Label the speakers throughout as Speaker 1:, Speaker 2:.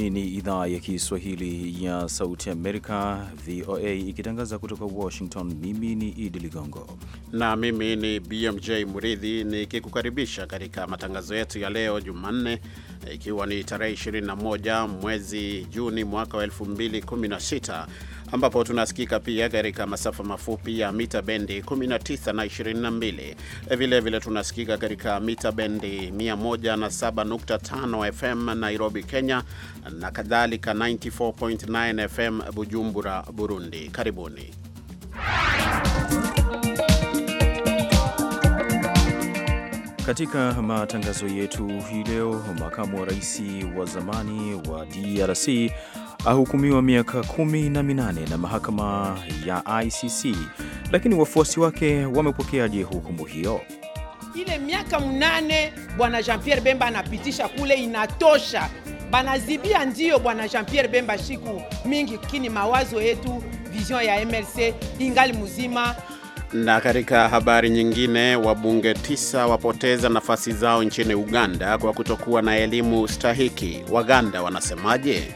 Speaker 1: Hii ni idhaa ya Kiswahili ya Sauti Amerika, VOA, ikitangaza kutoka Washington. Mimi ni Idi Ligongo
Speaker 2: na mimi ni BMJ Muridhi, nikikukaribisha katika matangazo yetu ya leo Jumanne, ikiwa ni tarehe 21 mwezi Juni mwaka wa 2016 ambapo tunasikika pia katika masafa mafupi ya mita bendi 19 na 22. Vilevile vile tunasikika katika mita bendi 107.5 FM Nairobi, Kenya na kadhalika 94.9 FM Bujumbura, Burundi. Karibuni. Katika
Speaker 1: matangazo yetu hii leo, makamu wa rais wa zamani wa DRC ahukumiwa miaka kumi na minane na mahakama ya ICC, lakini wafuasi wake wamepokeaje hukumu hiyo?
Speaker 3: Ile miaka mnane bwana Jean Pierre Bemba anapitisha kule inatosha, banazibia ndiyo bwana Jean Pierre Bemba siku mingi, kini mawazo yetu vision ya MLC ingali mzima.
Speaker 2: Na katika habari nyingine, wabunge tisa wapoteza nafasi zao nchini Uganda kwa kutokuwa na elimu stahiki. Waganda wanasemaje?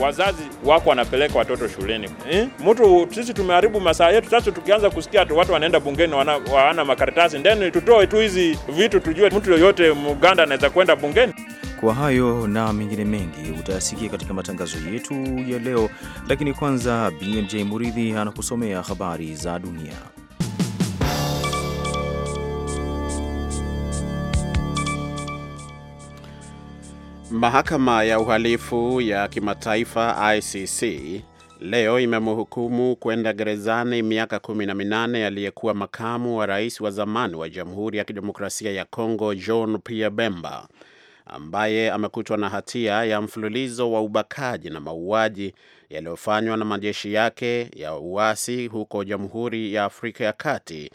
Speaker 4: wazazi wako wanapeleka watoto shuleni eh? Mtu sisi tumeharibu masaa yetu. Sasa tukianza kusikia tu watu wanaenda bungeni wana, wana makaratasi ndeni, tutoe tu hizi vitu tujue mtu yoyote Muganda anaweza kwenda bungeni.
Speaker 1: Kwa hayo na mengine mengi utayasikia katika matangazo yetu ya leo, lakini kwanza BMJ Muridhi anakusomea habari za dunia.
Speaker 2: Mahakama ya uhalifu ya kimataifa ICC leo imemhukumu kwenda gerezani miaka kumi na minane aliyekuwa makamu wa rais wa zamani wa Jamhuri ya Kidemokrasia ya Kongo John Pierre Bemba ambaye amekutwa na hatia ya mfululizo wa ubakaji na mauaji yaliyofanywa na majeshi yake ya uasi huko Jamhuri ya Afrika ya Kati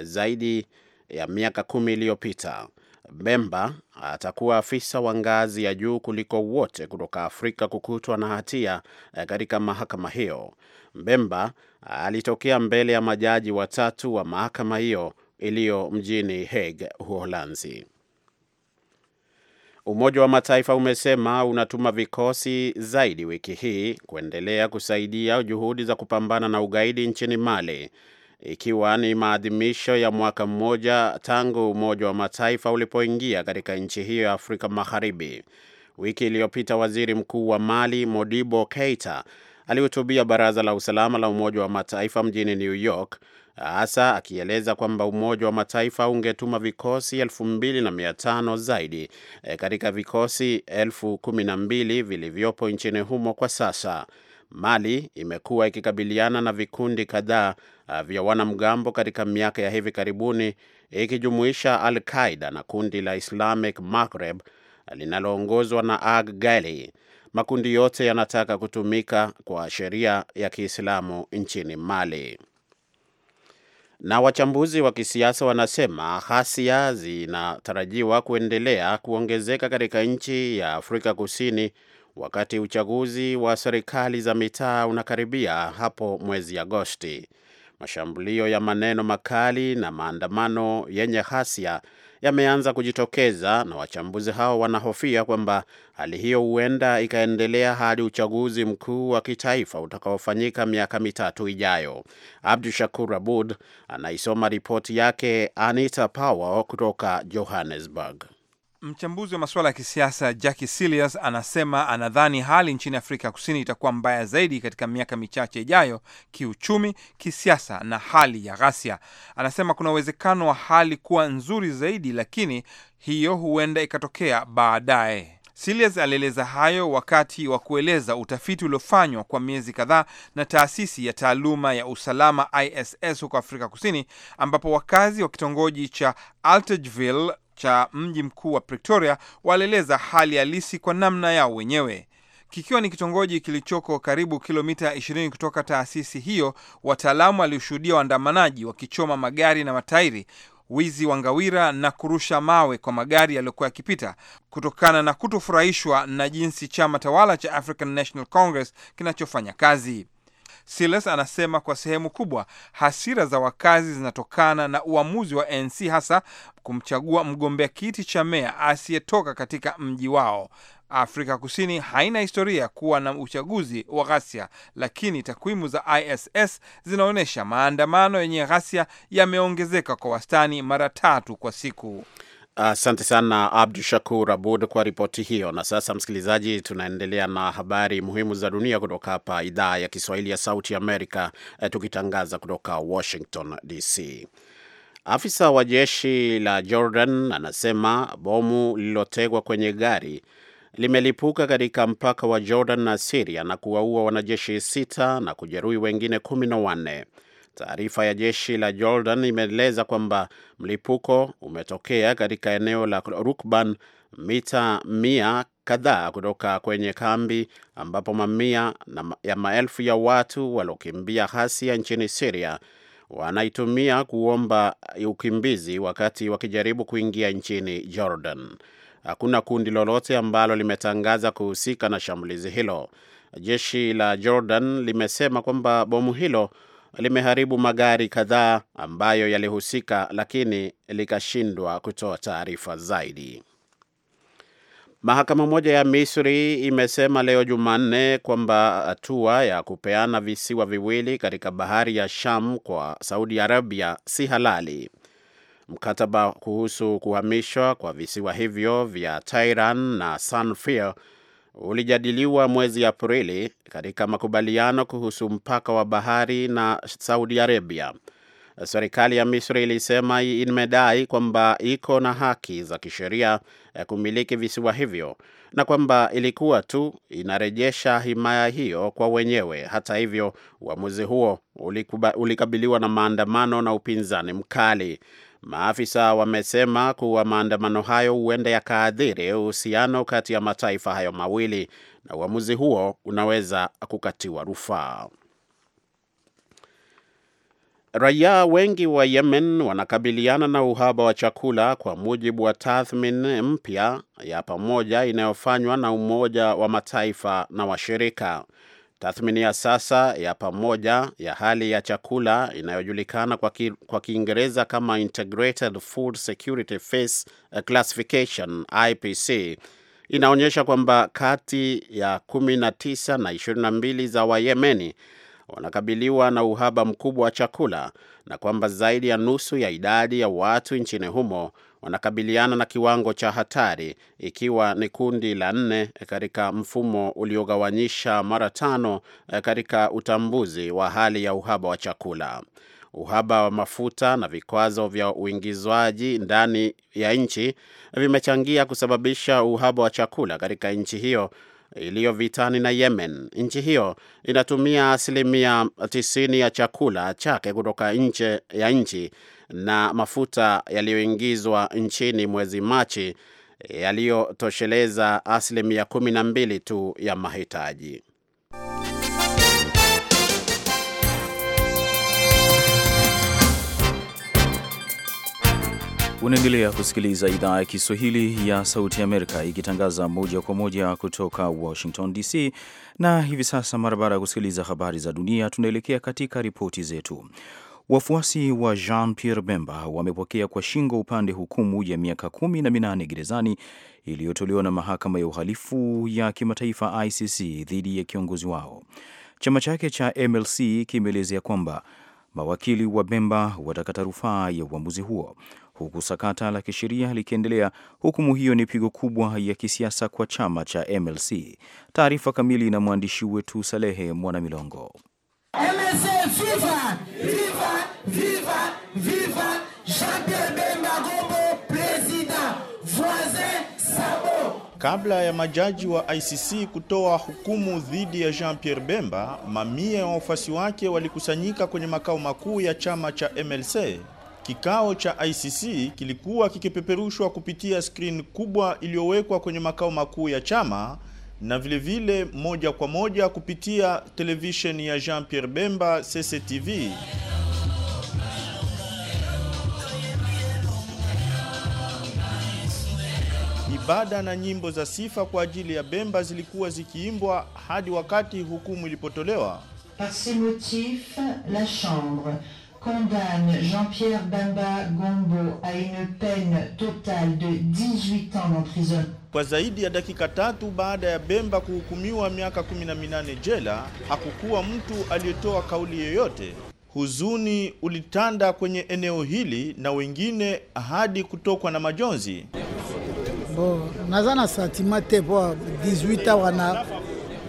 Speaker 2: zaidi ya miaka kumi iliyopita. Bemba atakuwa afisa wa ngazi ya juu kuliko wote kutoka Afrika kukutwa na hatia eh, katika mahakama hiyo. Bemba alitokea mbele ya majaji watatu wa mahakama hiyo iliyo mjini Hague, Uholanzi. Umoja wa Mataifa umesema unatuma vikosi zaidi wiki hii kuendelea kusaidia juhudi za kupambana na ugaidi nchini Mali ikiwa ni maadhimisho ya mwaka mmoja tangu Umoja wa Mataifa ulipoingia katika nchi hiyo ya Afrika Magharibi. Wiki iliyopita waziri mkuu wa Mali Modibo Keita alihutubia Baraza la Usalama la Umoja wa Mataifa mjini New York, hasa akieleza kwamba Umoja wa Mataifa ungetuma vikosi elfu mbili na mia tano zaidi eh, katika vikosi elfu kumi na mbili vilivyopo nchini humo kwa sasa. Mali imekuwa ikikabiliana na vikundi kadhaa uh, vya wanamgambo katika miaka ya hivi karibuni ikijumuisha Al Qaida na kundi la Islamic Maghreb uh, linaloongozwa na Ag Gali. Makundi yote yanataka kutumika kwa sheria ya Kiislamu nchini Mali. Na wachambuzi wa kisiasa wanasema ghasia zinatarajiwa kuendelea kuongezeka katika nchi ya Afrika Kusini wakati uchaguzi wa serikali za mitaa unakaribia hapo mwezi Agosti. Mashambulio ya maneno makali na maandamano yenye ghasia yameanza kujitokeza na wachambuzi hao wanahofia kwamba hali hiyo huenda ikaendelea hadi uchaguzi mkuu wa kitaifa utakaofanyika miaka mitatu ijayo. Abdu Shakur Abud anaisoma ripoti yake Anita Powell kutoka Johannesburg.
Speaker 5: Mchambuzi wa masuala ya kisiasa Jackie Silius anasema anadhani hali nchini Afrika Kusini itakuwa mbaya zaidi katika miaka michache ijayo, kiuchumi, kisiasa na hali ya ghasia. Anasema kuna uwezekano wa hali kuwa nzuri zaidi, lakini hiyo huenda ikatokea baadaye. Silias alieleza hayo wakati wa kueleza utafiti uliofanywa kwa miezi kadhaa na taasisi ya taaluma ya usalama ISS huko Afrika Kusini, ambapo wakazi wa kitongoji cha Alteville cha mji mkuu wa Pretoria walieleza hali halisi kwa namna yao wenyewe. Kikiwa ni kitongoji kilichoko karibu kilomita 20 kutoka taasisi hiyo, wataalamu walioshuhudia waandamanaji wakichoma magari na matairi, wizi wa ngawira na kurusha mawe kwa magari yaliyokuwa yakipita, kutokana na kutofurahishwa na jinsi chama tawala cha African National Congress kinachofanya kazi. Silas anasema kwa sehemu kubwa hasira za wakazi zinatokana na uamuzi wa ANC hasa kumchagua mgombea kiti cha meya asiyetoka katika mji wao. Afrika Kusini haina historia kuwa na uchaguzi wa ghasia, lakini takwimu za ISS zinaonyesha maandamano yenye ghasia yameongezeka kwa wastani mara tatu kwa siku.
Speaker 2: Asante uh, sana Abdu Shakur Abud kwa ripoti hiyo. Na sasa, msikilizaji, tunaendelea na habari muhimu za dunia kutoka hapa idhaa ya Kiswahili ya Sauti Amerika, eh, tukitangaza kutoka Washington DC. Afisa wa jeshi la Jordan anasema bomu lililotegwa kwenye gari limelipuka katika mpaka wa Jordan na Siria na kuwaua wanajeshi sita na kujeruhi wengine kumi na wanne. Taarifa ya jeshi la Jordan imeeleza kwamba mlipuko umetokea katika eneo la Rukban, mita mia kadhaa kutoka kwenye kambi ambapo mamia na ya maelfu ya watu waliokimbia ghasia nchini siria wanaitumia kuomba ukimbizi wakati wakijaribu kuingia nchini Jordan. Hakuna kundi lolote ambalo limetangaza kuhusika na shambulizi hilo. Jeshi la Jordan limesema kwamba bomu hilo limeharibu magari kadhaa ambayo yalihusika, lakini likashindwa kutoa taarifa zaidi. Mahakama moja ya Misri imesema leo Jumanne kwamba hatua ya kupeana visiwa viwili katika bahari ya Sham kwa Saudi Arabia si halali. Mkataba kuhusu kuhamishwa kwa visiwa hivyo vya Tairan na sanfil ulijadiliwa mwezi Aprili katika makubaliano kuhusu mpaka wa bahari na Saudi Arabia. Serikali ya Misri ilisema imedai kwamba iko na haki za kisheria ya kumiliki visiwa hivyo na kwamba ilikuwa tu inarejesha himaya hiyo kwa wenyewe. Hata hivyo, uamuzi huo ulikabiliwa na maandamano na upinzani mkali. Maafisa wamesema kuwa maandamano hayo huenda yakaadhiri uhusiano kati ya mataifa hayo mawili na uamuzi huo unaweza kukatiwa rufaa. Raia wengi wa Yemen wanakabiliana na uhaba wa chakula kwa mujibu wa tathmini mpya ya pamoja inayofanywa na Umoja wa Mataifa na washirika. Tathmini ya sasa ya pamoja ya hali ya chakula inayojulikana kwa, ki, Kiingereza kama Integrated Food Security Phase eh, Classification IPC inaonyesha kwamba kati ya 19 na 22 za Wayemeni wanakabiliwa na uhaba mkubwa wa chakula na kwamba zaidi ya nusu ya idadi ya watu nchini humo wanakabiliana na kiwango cha hatari, ikiwa ni kundi la nne katika mfumo uliogawanyisha mara tano eh, katika utambuzi wa hali ya uhaba wa chakula uhaba wa mafuta na vikwazo vya uingizwaji ndani ya nchi vimechangia kusababisha uhaba wa chakula katika nchi hiyo iliyo vitani na Yemen. Nchi hiyo inatumia asilimia tisini ya chakula chake kutoka nje ya nchi na mafuta yaliyoingizwa nchini mwezi Machi eh, yaliyotosheleza asilimia kumi na mbili tu ya mahitaji.
Speaker 1: Unaendelea kusikiliza idhaa ya Kiswahili ya Sauti Amerika ikitangaza moja kwa moja kutoka Washington DC, na hivi sasa, mara baada ya kusikiliza habari za dunia, tunaelekea katika ripoti zetu. Wafuasi wa Jean Pierre Bemba wamepokea kwa shingo upande hukumu ya miaka kumi na minane gerezani iliyotolewa na mahakama ya uhalifu ya kimataifa ICC dhidi ya kiongozi wao. Chama chake cha MLC kimeelezea kwamba mawakili wa Bemba watakata rufaa ya uamuzi huo, huku sakata la kisheria likiendelea. Hukumu hiyo ni pigo kubwa ya kisiasa kwa chama cha MLC. Taarifa kamili na mwandishi wetu Salehe Mwanamilongo.
Speaker 3: Jean-Pierre Bemba Gombo president, voisin Sabo.
Speaker 4: Kabla ya majaji wa ICC kutoa hukumu dhidi ya Jean-Pierre Bemba, mamia ya wafuasi wake walikusanyika kwenye makao makuu ya chama cha MLC. Kikao cha ICC kilikuwa kikipeperushwa kupitia skrini kubwa iliyowekwa kwenye makao makuu ya chama na vile vile moja kwa moja kupitia televisheni ya Jean Pierre Bemba CCTV. Ibada na nyimbo za sifa kwa ajili ya Bemba zilikuwa zikiimbwa hadi wakati hukumu ilipotolewa. Par ces motifs, la chambre condamne Jean-Pierre Bemba Gombo à une peine totale de 18
Speaker 1: ans d'emprisonnement.
Speaker 4: Kwa zaidi ya dakika tatu baada ya Bemba kuhukumiwa miaka 18 jela, hakukuwa mtu aliyetoa kauli yoyote. Huzuni ulitanda kwenye eneo hili na wengine hadi kutokwa na majonzi.
Speaker 6: Bo, 18 wana.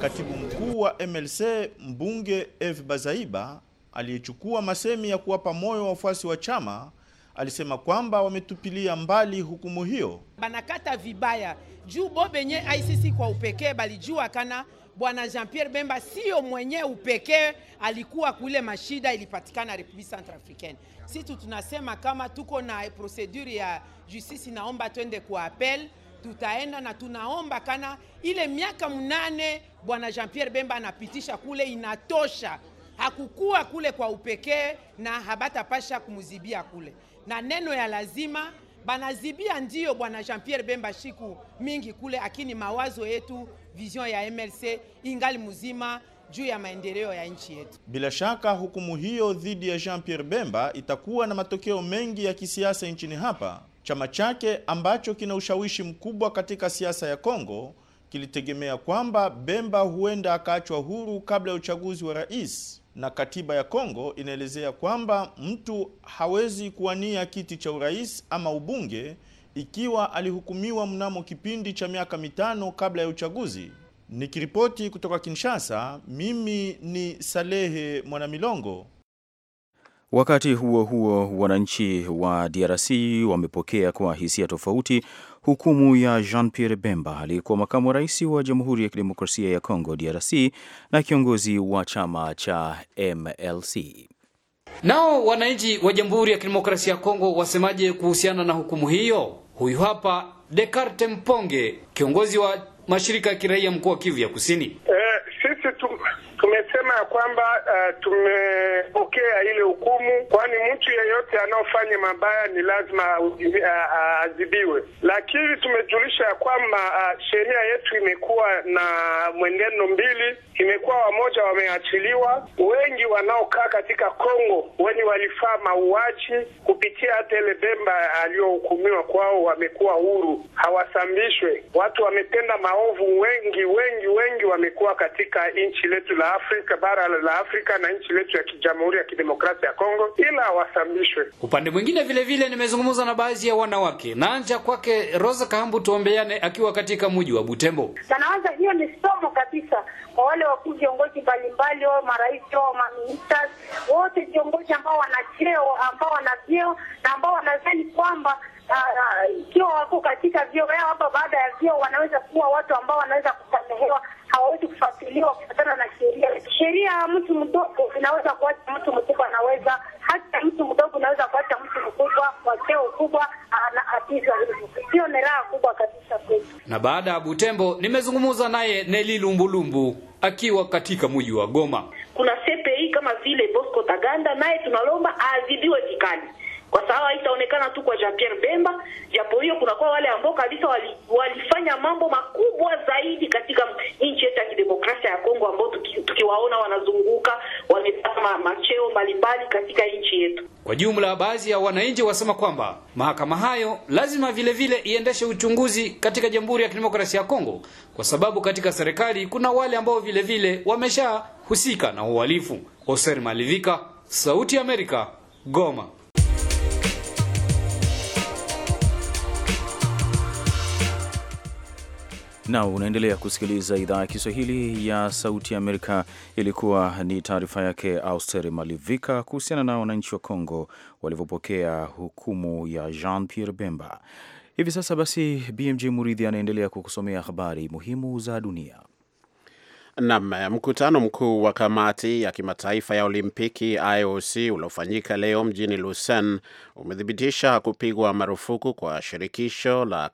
Speaker 4: Katibu mkuu wa MLC mbunge F Bazaiba aliyechukua masemi ya kuwapa moyo wafuasi wa chama alisema kwamba wametupilia mbali hukumu hiyo,
Speaker 3: banakata vibaya juu bo benye ICC kwa upekee balijua kana bwana Jean Pierre Bemba sio mwenye upekee alikuwa kule mashida ilipatikana Republique Centrafricaine. Situ tunasema kama tuko na procedure ya justice, naomba twende kwa appel tutaenda na tunaomba kana ile miaka mnane bwana Jean Pierre Bemba anapitisha kule inatosha. Hakukuwa kule kwa upekee na habatapasha kumzibia kule, na neno ya lazima banazibia ndiyo bwana Jean Pierre Bemba shiku mingi kule, akini mawazo yetu vision ya MLC ingali mzima juu ya maendeleo ya nchi yetu.
Speaker 4: Bila shaka hukumu hiyo dhidi ya Jean Pierre Bemba itakuwa na matokeo mengi ya kisiasa nchini hapa. Chama chake ambacho kina ushawishi mkubwa katika siasa ya Kongo kilitegemea kwamba Bemba huenda akaachwa huru kabla ya uchaguzi wa rais, na katiba ya Kongo inaelezea kwamba mtu hawezi kuwania kiti cha urais ama ubunge ikiwa alihukumiwa mnamo kipindi cha miaka mitano kabla ya uchaguzi. Nikiripoti kutoka Kinshasa, mimi ni Salehe Mwanamilongo.
Speaker 1: Wakati huo huo, wananchi wa DRC wamepokea kwa hisia tofauti hukumu ya Jean Pierre Bemba aliyekuwa makamu wa rais wa Jamhuri ya Kidemokrasia ya Kongo DRC na kiongozi wa chama cha MLC.
Speaker 7: Nao wananchi wa Jamhuri ya Kidemokrasia ya Kongo wasemaje kuhusiana na hukumu hiyo? Huyu hapa Descartes Mponge, kiongozi wa mashirika ya kiraia mkoa wa Kivu ya Kusini. Eh,
Speaker 5: tumesema ya kwamba uh, tumepokea ile hukumu, kwani mtu yeyote anaofanya mabaya ni lazima aadhibiwe. Uh, uh, lakini tumejulisha ya kwamba uh, sheria yetu imekuwa na mwenendo mbili, imekuwa wamoja wameachiliwa, wengi wanaokaa katika Kongo wenye walifaa mauaji kupitia hata ile Bemba aliyohukumiwa kwao wamekuwa huru, hawasambishwe. Watu wametenda maovu wengi wengi wengi, wamekuwa katika nchi letu la Afrika, bara la Afrika na nchi letu ya Jamhuri ya Kidemokrasia ya Kongo, ila wasambishwe.
Speaker 7: Upande mwingine vile vile, nimezungumza na baadhi ya wanawake naanja kwake Rosa Kahambu tuombeane, akiwa katika mji wa Butembo.
Speaker 3: Nawaza hiyo ni somo kabisa kwa wale wakuu
Speaker 8: viongozi mbalimbali, wao marais, wao maminista, wote viongozi ambao wana cheo, ambao wana vyeo na ambao wanadhani kwamba ah, ah, ikiwa uh, uh, wako katika vyeo yao hapa, baada ya vyeo wanaweza kuwa watu ambao wanaweza kupa mtu mdogo inaweza kuacha mtu mkubwa, anaweza hata mtu mdogo unaweza kuacha mtu mkubwa kwa cheo kubwa, anaatizwa hivi, Hiyo ni raha kubwa kabisa kwetu.
Speaker 7: Na baada ya Butembo, nimezungumza naye Neli Lumbulumbu akiwa katika mji wa Goma. jumla, baadhi ya wananchi wasema kwamba mahakama hayo lazima vilevile vile iendeshe uchunguzi katika Jamhuri ya Kidemokrasia ya Kongo, kwa sababu katika serikali kuna wale ambao vilevile wameshahusika na uhalifu. Oser Malivika, Sauti ya Amerika, Goma.
Speaker 1: na unaendelea kusikiliza idhaa ya Kiswahili ya Sauti ya Amerika. Ilikuwa ni taarifa yake Auster Malivika kuhusiana na wananchi wa Kongo walivyopokea hukumu ya Jean Pierre Bemba. Hivi sasa basi, BMJ Muridhi anaendelea kukusomea habari muhimu za dunia.
Speaker 2: Nam, mkutano mkuu wa kamati ya kimataifa ya Olimpiki IOC uliofanyika leo mjini Lausanne umethibitisha kupigwa marufuku kwa shirikisho la,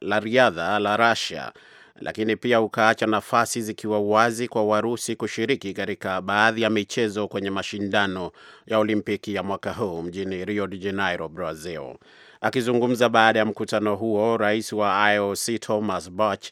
Speaker 2: la riadha la Russia lakini pia ukaacha nafasi zikiwa wazi kwa Warusi kushiriki katika baadhi ya michezo kwenye mashindano ya Olimpiki ya mwaka huu mjini Rio de Janeiro, Brazil. Akizungumza baada ya mkutano huo, rais wa IOC Thomas Bach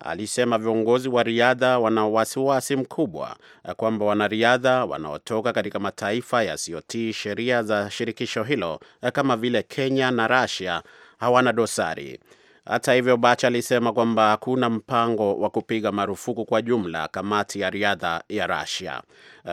Speaker 2: alisema viongozi wa riadha wana wasiwasi mkubwa kwamba wanariadha wanaotoka katika mataifa yasiyotii sheria za shirikisho hilo kama vile Kenya na Russia hawana dosari. Hata hivyo, Bach alisema kwamba hakuna mpango wa kupiga marufuku kwa jumla kamati ya riadha ya Russia.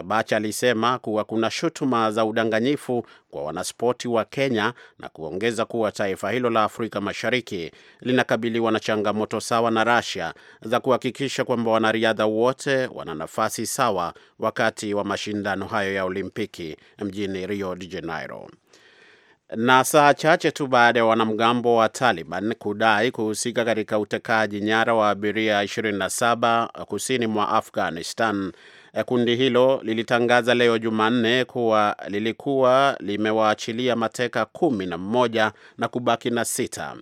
Speaker 2: Bach alisema kuwa kuna shutuma za udanganyifu kwa wanaspoti wa Kenya na kuongeza kuwa taifa hilo la Afrika Mashariki linakabiliwa na changamoto sawa na Russia za kuhakikisha kwamba wanariadha wote wana nafasi sawa wakati wa mashindano hayo ya Olimpiki mjini Rio de Janeiro na saa chache tu baada ya wanamgambo wa Taliban kudai kuhusika katika utekaji nyara wa abiria 27 kusini mwa Afghanistan, eh, kundi hilo lilitangaza leo Jumanne kuwa lilikuwa limewaachilia mateka kumi na mmoja na kubaki na sita.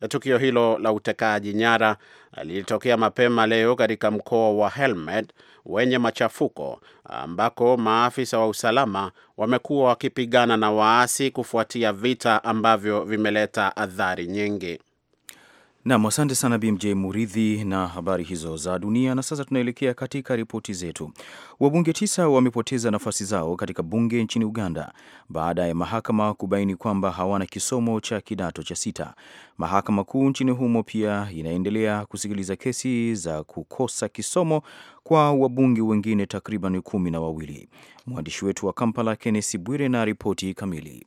Speaker 2: Eh, tukio hilo la utekaji nyara eh, lilitokea mapema leo katika mkoa wa Helmand wenye machafuko ambako maafisa wa usalama wamekuwa wakipigana na waasi kufuatia vita ambavyo vimeleta athari nyingi.
Speaker 1: Nam, asante sana BMJ Muridhi na habari hizo za dunia. Na sasa tunaelekea katika ripoti zetu. Wabunge tisa wamepoteza nafasi zao katika bunge nchini Uganda baada ya mahakama kubaini kwamba hawana kisomo cha kidato cha sita. Mahakama kuu nchini humo pia inaendelea kusikiliza kesi za kukosa kisomo kwa wabunge wengine takriban kumi na wawili. Mwandishi wetu wa Kampala Kennesi Bwire na ripoti kamili.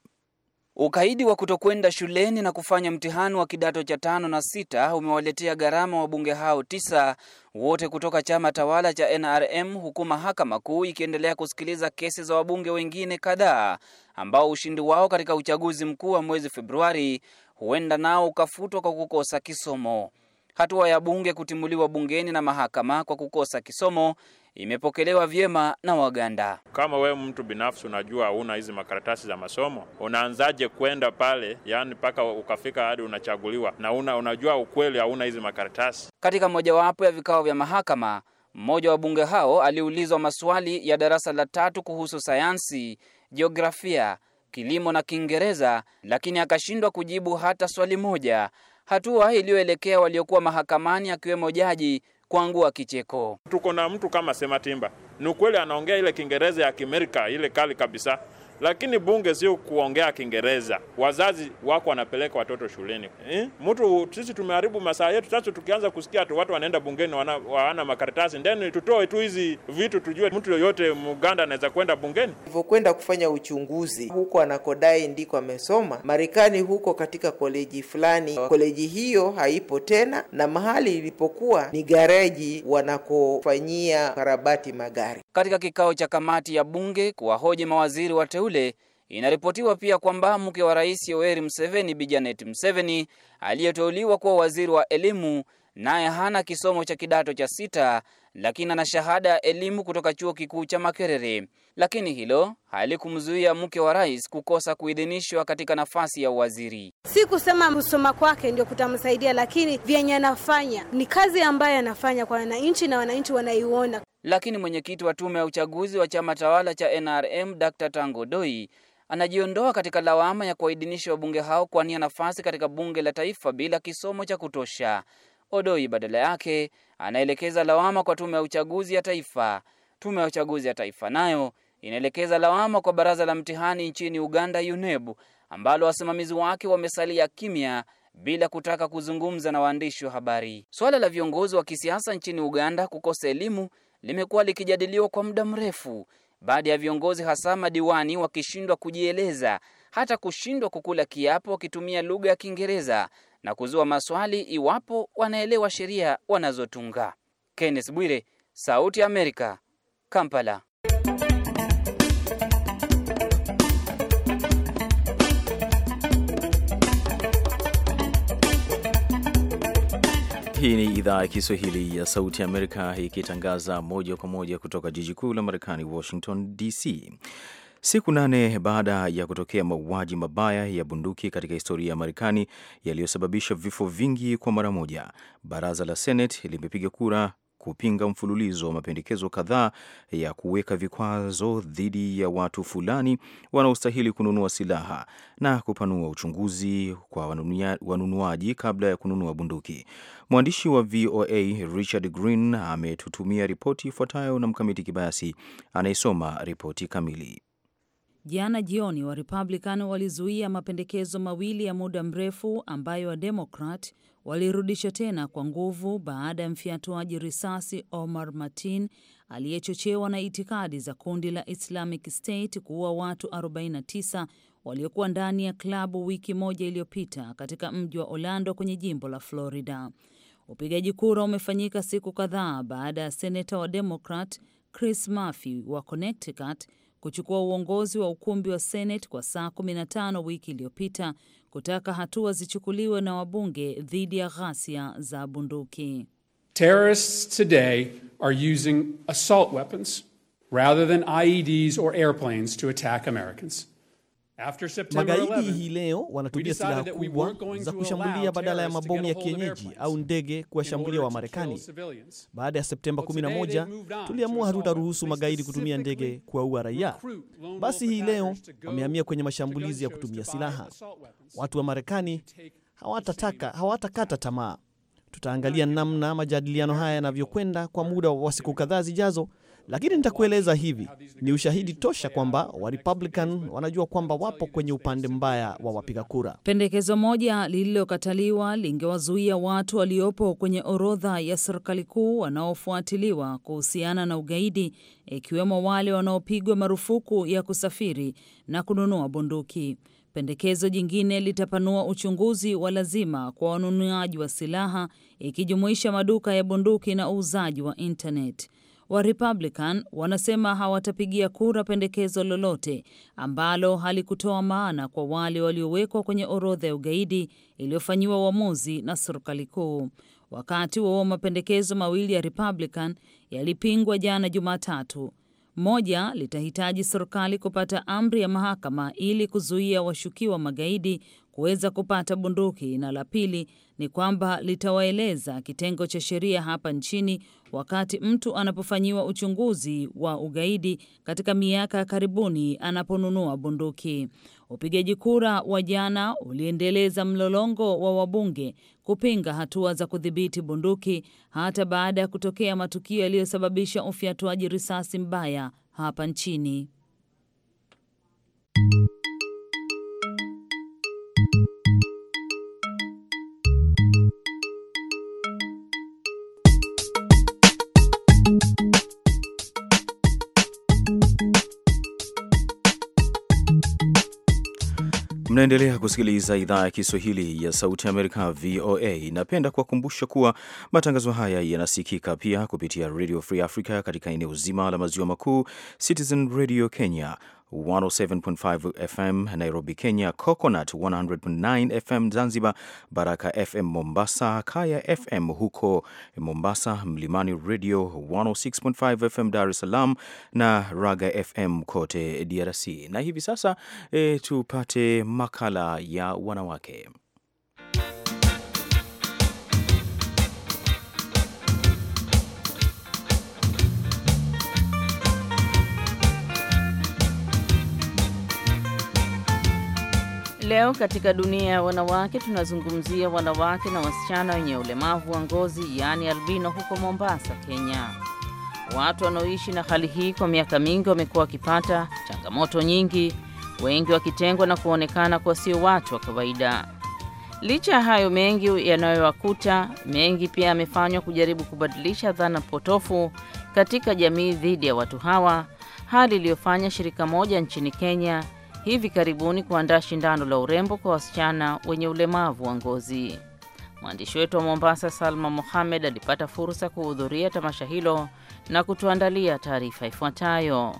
Speaker 9: Ukaidi wa kutokwenda shuleni na kufanya mtihani wa kidato cha tano na sita umewaletea gharama wabunge hao tisa wote kutoka chama tawala cha NRM, huku mahakama kuu ikiendelea kusikiliza kesi za wabunge wengine kadhaa ambao ushindi wao katika uchaguzi mkuu wa mwezi Februari huenda nao ukafutwa kwa kukosa kisomo. Hatua ya bunge kutimuliwa bungeni na mahakama kwa kukosa kisomo imepokelewa
Speaker 4: vyema na Waganda. Kama wewe mtu binafsi unajua una hizi makaratasi za masomo, unaanzaje kwenda pale, yaani mpaka ukafika hadi unachaguliwa na una, unajua ukweli hauna hizi makaratasi? Katika mojawapo ya vikao vya mahakama, mmoja wa bunge hao aliulizwa
Speaker 9: maswali ya darasa la tatu kuhusu sayansi, jiografia, kilimo na Kiingereza, lakini akashindwa kujibu hata swali moja hatua iliyoelekea
Speaker 4: waliokuwa mahakamani akiwemo jaji kuangua kicheko. Tuko na mtu kama Sematimba, ni ukweli anaongea ile Kiingereza ya Kimerika ile kali kabisa lakini bunge sio kuongea Kiingereza. Wazazi wako wanapeleka watoto shuleni eh? Mtu sisi tumeharibu masaa yetu. Sasa tukianza kusikia tu watu wanaenda bungeni wana, wana makaratasi ndeni, tutoe tu hizi vitu tujue mtu yoyote Muganda anaweza kwenda bungeni
Speaker 3: ilivyokwenda kufanya uchunguzi huko anakodai ndiko amesoma Marekani, huko katika koleji fulani. Koleji hiyo haipo tena, na mahali ilipokuwa ni gareji wanakofanyia karabati magari.
Speaker 9: Katika kikao cha kamati ya bunge kuwahoji mawaziri wateule ule, inaripotiwa pia kwamba mke wa Rais Yoweri Museveni, Bi Janet Museveni, aliyeteuliwa kuwa waziri wa elimu, naye hana kisomo cha kidato cha sita, lakini ana shahada ya elimu kutoka chuo kikuu cha Makerere. Lakini hilo halikumzuia mke wa rais kukosa kuidhinishwa katika nafasi ya uwaziri.
Speaker 10: Si kusema kusoma kwake ndio kutamsaidia, lakini vyenye anafanya ni kazi ambayo anafanya kwa wananchi na wananchi wanaiona
Speaker 9: lakini mwenyekiti wa tume ya uchaguzi wa chama tawala cha NRM Dr. Tango Doi anajiondoa katika lawama ya kuwaidinisha wabunge hao kuwania nafasi katika bunge la taifa bila kisomo cha kutosha. Odoi badala yake anaelekeza lawama kwa tume ya uchaguzi ya taifa. Tume ya uchaguzi ya taifa nayo inaelekeza lawama kwa baraza la mtihani nchini Uganda UNEB, ambalo wasimamizi wake wamesalia kimya bila kutaka kuzungumza na waandishi wa habari. Swala la viongozi wa kisiasa nchini Uganda kukosa elimu limekuwa likijadiliwa kwa muda mrefu baada ya viongozi hasa madiwani wakishindwa kujieleza, hata kushindwa kukula kiapo wakitumia lugha ya Kiingereza na kuzua maswali iwapo wanaelewa sheria wanazotunga. Kenneth Bwire, Sauti ya Amerika, Kampala.
Speaker 1: Hii ni idhaa ya Kiswahili ya Sauti ya Amerika ikitangaza moja kwa moja kutoka jiji kuu la Marekani, Washington DC. Siku nane baada ya kutokea mauaji mabaya ya bunduki katika historia ya Marekani yaliyosababisha vifo vingi kwa mara moja, baraza la Senate limepiga kura kupinga mfululizo wa mapendekezo kadhaa ya kuweka vikwazo dhidi ya watu fulani wanaostahili kununua silaha na kupanua uchunguzi kwa wanunuaji kabla ya kununua bunduki. Mwandishi wa VOA Richard Green ametutumia ripoti ifuatayo, na Mkamiti Kibayasi anayesoma ripoti kamili.
Speaker 6: Jana jioni wa Republican walizuia mapendekezo mawili ya muda mrefu ambayo wa Democrat walirudisha tena kwa nguvu baada ya mfyatuaji risasi Omar martin aliyechochewa na itikadi za kundi la Islamic State kuua watu 49 waliokuwa ndani ya klabu wiki moja iliyopita katika mji wa Orlando kwenye jimbo la Florida. Upigaji kura umefanyika siku kadhaa baada ya seneta wa Democrat Chris Murphy wa Connecticut kuchukua uongozi wa ukumbi wa Senate kwa saa 15 wiki iliyopita kutaka hatua zichukuliwe na wabunge dhidi ya ghasia za bunduki.
Speaker 7: Terrorists today are using assault weapons rather than IEDs or airplanes to attack Americans.
Speaker 9: Magaidi hii leo wanatumia silaha kubwa za kushambulia badala ya mabomu ya kienyeji au
Speaker 1: ndege kuwashambulia Wamarekani. Baada ya Septemba 11 tuliamua hatutaruhusu magaidi kutumia ndege kuwaua raia. Basi hii leo wamehamia kwenye mashambulizi ya kutumia silaha. Watu wa Marekani hawatataka hawatakata tamaa. Tutaangalia namna majadiliano haya yanavyokwenda kwa muda wa siku kadhaa zijazo lakini nitakueleza hivi, ni ushahidi tosha kwamba wa Republican wanajua kwamba wapo kwenye upande
Speaker 9: mbaya wa wapiga kura.
Speaker 6: Pendekezo moja lililokataliwa lingewazuia watu waliopo kwenye orodha ya serikali kuu wanaofuatiliwa kuhusiana na ugaidi, ikiwemo wale wanaopigwa marufuku ya kusafiri na kununua bunduki. Pendekezo jingine litapanua uchunguzi wa lazima kwa wanunuaji wa silaha, ikijumuisha maduka ya bunduki na uuzaji wa intaneti wa Republican wanasema hawatapigia kura pendekezo lolote ambalo halikutoa maana kwa wale waliowekwa kwenye orodha ya ugaidi iliyofanyiwa uamuzi na serikali kuu. Wakati wa mapendekezo mawili ya Republican yalipingwa jana Jumatatu. Moja litahitaji serikali kupata amri ya mahakama ili kuzuia washukiwa magaidi kuweza kupata bunduki, na la pili ni kwamba litawaeleza kitengo cha sheria hapa nchini wakati mtu anapofanyiwa uchunguzi wa ugaidi katika miaka ya karibuni anaponunua bunduki. Upigaji kura wa jana uliendeleza mlolongo wa wabunge kupinga hatua za kudhibiti bunduki hata baada ya kutokea matukio yaliyosababisha ufyatuaji risasi mbaya hapa nchini.
Speaker 1: Unaendelea kusikiliza idhaa ya Kiswahili ya Sauti Amerika, VOA. Napenda kuwakumbusha kuwa matangazo haya yanasikika pia kupitia Radio Free Africa katika eneo zima la maziwa makuu, Citizen Radio Kenya, 107.5 FM Nairobi, Kenya, Coconut 100.9 FM Zanzibar, Baraka FM Mombasa, Kaya FM huko Mombasa, Mlimani Radio 106.5 FM Dar es Salaam na Raga FM kote DRC. Na hivi sasa e, tupate makala ya wanawake.
Speaker 6: Leo katika dunia ya wanawake tunazungumzia wanawake na wasichana wenye ulemavu wa ngozi yaani albino huko Mombasa, Kenya. Watu wanaoishi na hali hii kwa miaka mingi wamekuwa wakipata changamoto nyingi, wengi wakitengwa na kuonekana kuwa sio watu wa kawaida. Licha ya hayo mengi yanayowakuta, mengi pia yamefanywa kujaribu kubadilisha dhana potofu katika jamii dhidi ya watu hawa, hali iliyofanya shirika moja nchini Kenya hivi karibuni kuandaa shindano la urembo kwa wasichana wenye ulemavu wa ngozi. Mwandishi wetu wa Mombasa, Salma Mohamed, alipata fursa kuhudhuria tamasha hilo na kutuandalia taarifa ifuatayo.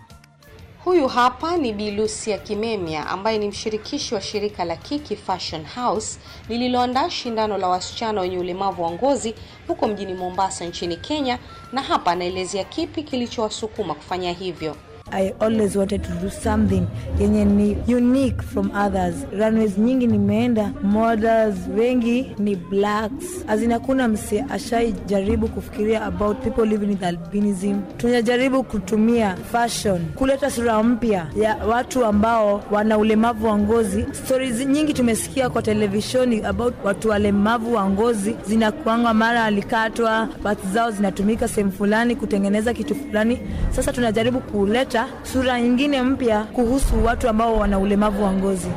Speaker 8: Huyu hapa ni Bi Lucia Kimemia ambaye ni mshirikishi wa shirika la Kiki Fashion House lililoandaa shindano la wasichana wenye ulemavu wa ngozi huko mjini Mombasa nchini Kenya, na hapa anaelezea kipi kilichowasukuma kufanya
Speaker 6: hivyo. I always wanted to do something yenye ni unique from others. Runways nyingi nimeenda, models wengi ni blacks, azinakuna mse ashaijaribu kufikiria about people living with albinism. Tunajaribu kutumia fashion kuleta sura mpya ya watu ambao wana ulemavu wa ngozi. Stories nyingi tumesikia kwa televisheni about watu walemavu wa ngozi zinakuangwa, mara alikatwa, pati zao zinatumika sehemu fulani kutengeneza kitu fulani. Sasa tunajaribu kuleta kupata sura nyingine mpya kuhusu watu ambao wana ulemavu wa ngozi.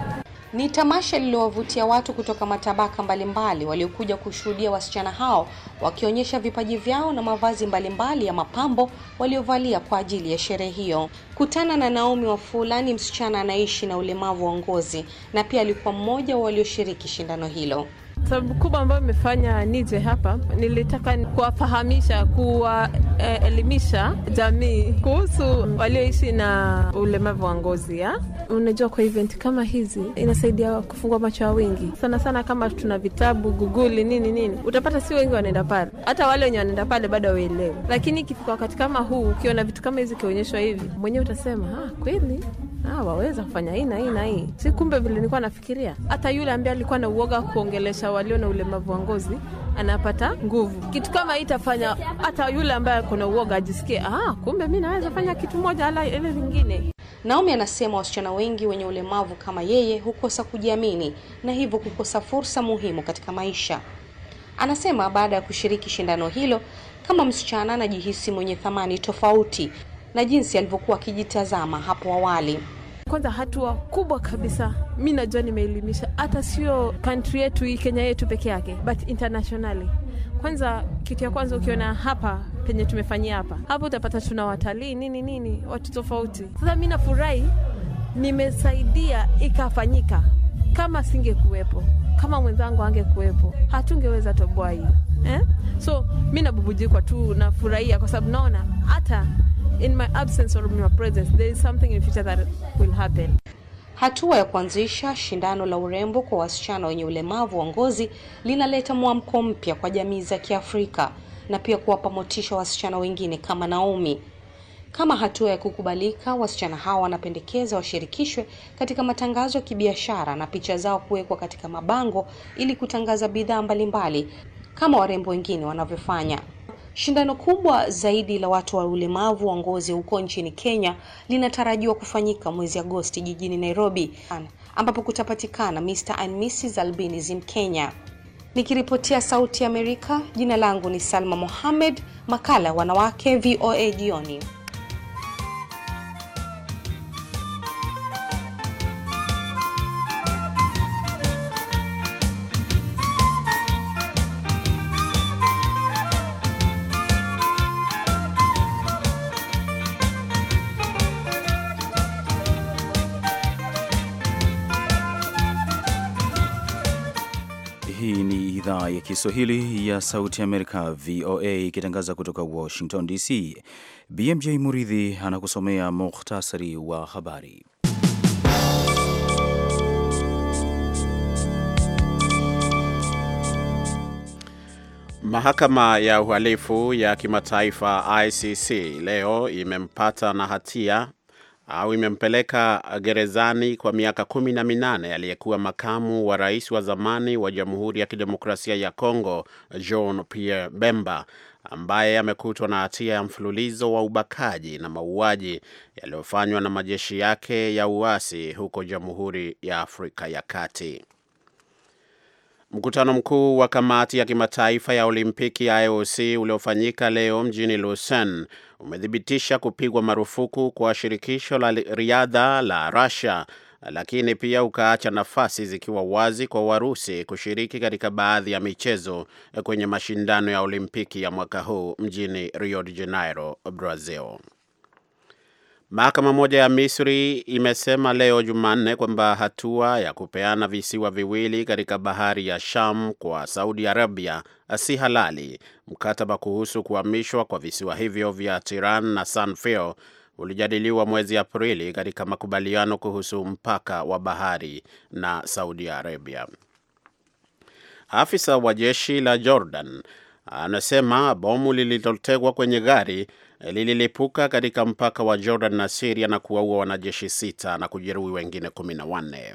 Speaker 8: Ni tamasha lililowavutia watu kutoka matabaka mbalimbali waliokuja kushuhudia wasichana hao wakionyesha vipaji vyao na mavazi mbalimbali mbali ya mapambo waliovalia kwa ajili ya sherehe hiyo. Kutana na Naomi Wafula ni msichana anaishi na ulemavu wa ngozi na pia
Speaker 10: alikuwa mmoja wa walioshiriki shindano hilo. Sababu kubwa ambayo imefanya nije hapa, nilitaka kuwafahamisha kuwa kuelimisha eh, jamii kuhusu walioishi na ulemavu wa ngozi. Unajua, kwa event kama hizi inasaidia kufungua macho ya wengi sana sana, kama tuna vitabu guguli nini nini, utapata si wengi wanaenda pale, hata wale wenye wanaenda pale bado hawaelewi. Lakini ikifika wakati kama huu, ukiona vitu kama hizi ikionyeshwa hivi, mwenyewe utasema ah, kweli Ah, waweza kufanya hii na hii na hii, si kumbe vile nilikuwa nafikiria. Hata yule ambaye alikuwa na uoga kuongelesha walio na ulemavu wa ngozi anapata nguvu. Kitu kama hii itafanya hata yule ambaye kuna uoga ajisikie, ah, kumbe mi naweza fanya kitu
Speaker 8: moja ala ile vingine. Naomi anasema wasichana wengi wenye ulemavu kama yeye hukosa kujiamini na hivyo kukosa fursa muhimu katika maisha. Anasema baada ya kushiriki shindano hilo, kama msichana anajihisi mwenye thamani tofauti na jinsi alivyokuwa akijitazama hapo awali.
Speaker 10: Kwanza hatua kubwa kabisa, mi najua nimeelimisha, hata sio kantri yetu hii Kenya yetu peke yake, but internationally. Kwanza kitu ya kwanza ukiona hapa penye tumefanyia hapa hapo utapata tuna watalii nini nini, watu tofauti. Sasa mi nafurahi nimesaidia ikafanyika. Kama singekuwepo, kama mwenzangu angekuwepo, hatungeweza toboa hii eh? So mi nabubujikwa tu, nafurahia kwa sababu naona hata in my absence or my presence there is something in future that will happen. Hatua ya kuanzisha shindano
Speaker 8: la urembo kwa wasichana wenye ulemavu wa ngozi linaleta mwamko mpya kwa jamii za Kiafrika na pia kuwapa motisha wasichana wengine kama Naomi. Kama hatua ya kukubalika, wasichana hawa wanapendekeza washirikishwe katika matangazo ya kibiashara na picha zao kuwekwa katika mabango ili kutangaza bidhaa mbalimbali kama warembo wengine wanavyofanya. Shindano kubwa zaidi la watu wa ulemavu wa ngozi huko nchini Kenya linatarajiwa kufanyika mwezi Agosti jijini Nairobi, ambapo kutapatikana Mr and Mrs Albinism Kenya. Nikiripotia Sauti ya Amerika, jina langu ni Salma Mohamed, makala ya wanawake VOA jioni.
Speaker 1: Kiswahili ya Sauti Amerika, VOA, ikitangaza kutoka Washington DC. BMJ Muridhi anakusomea mukhtasari wa habari.
Speaker 2: Mahakama ya uhalifu ya kimataifa ICC leo imempata na hatia au imempeleka gerezani kwa miaka kumi na minane aliyekuwa makamu wa rais wa zamani wa Jamhuri ya Kidemokrasia ya Kongo Jean Pierre Bemba ambaye amekutwa na hatia ya mfululizo wa ubakaji na mauaji yaliyofanywa na majeshi yake ya uasi huko Jamhuri ya Afrika ya Kati. Mkutano mkuu wa kamati ya kimataifa ya Olimpiki ya IOC uliofanyika leo mjini Lausanne umethibitisha kupigwa marufuku kwa shirikisho la riadha la Russia, lakini pia ukaacha nafasi zikiwa wazi kwa Warusi kushiriki katika baadhi ya michezo kwenye mashindano ya Olimpiki ya mwaka huu mjini Rio de Janeiro, Brazil. Mahakama moja ya Misri imesema leo Jumanne kwamba hatua ya kupeana visiwa viwili katika bahari ya Sham kwa Saudi Arabia si halali. Mkataba kuhusu kuhamishwa kwa visiwa hivyo vya Tiran na Sanfeo ulijadiliwa mwezi Aprili katika makubaliano kuhusu mpaka wa bahari na Saudi Arabia. Afisa wa jeshi la Jordan anasema bomu lililotegwa kwenye gari lililipuka katika mpaka wa Jordan na Siria na kuwaua wanajeshi sita na kujeruhi wengine kumi na wanne.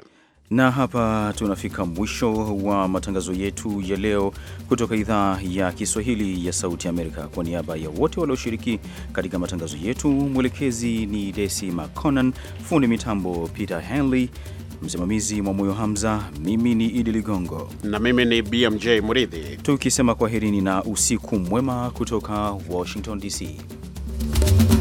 Speaker 1: Na hapa tunafika mwisho wa matangazo yetu ya leo kutoka idhaa ya Kiswahili ya Sauti Amerika. Kwa niaba ya wote walioshiriki katika matangazo yetu, mwelekezi ni Desi McConan, fundi mitambo Peter Henley, msimamizi mwa Moyo Hamza, mimi ni Idi Ligongo na mimi ni BMJ Muridhi, tukisema kwaherini na usiku mwema kutoka Washington DC. you.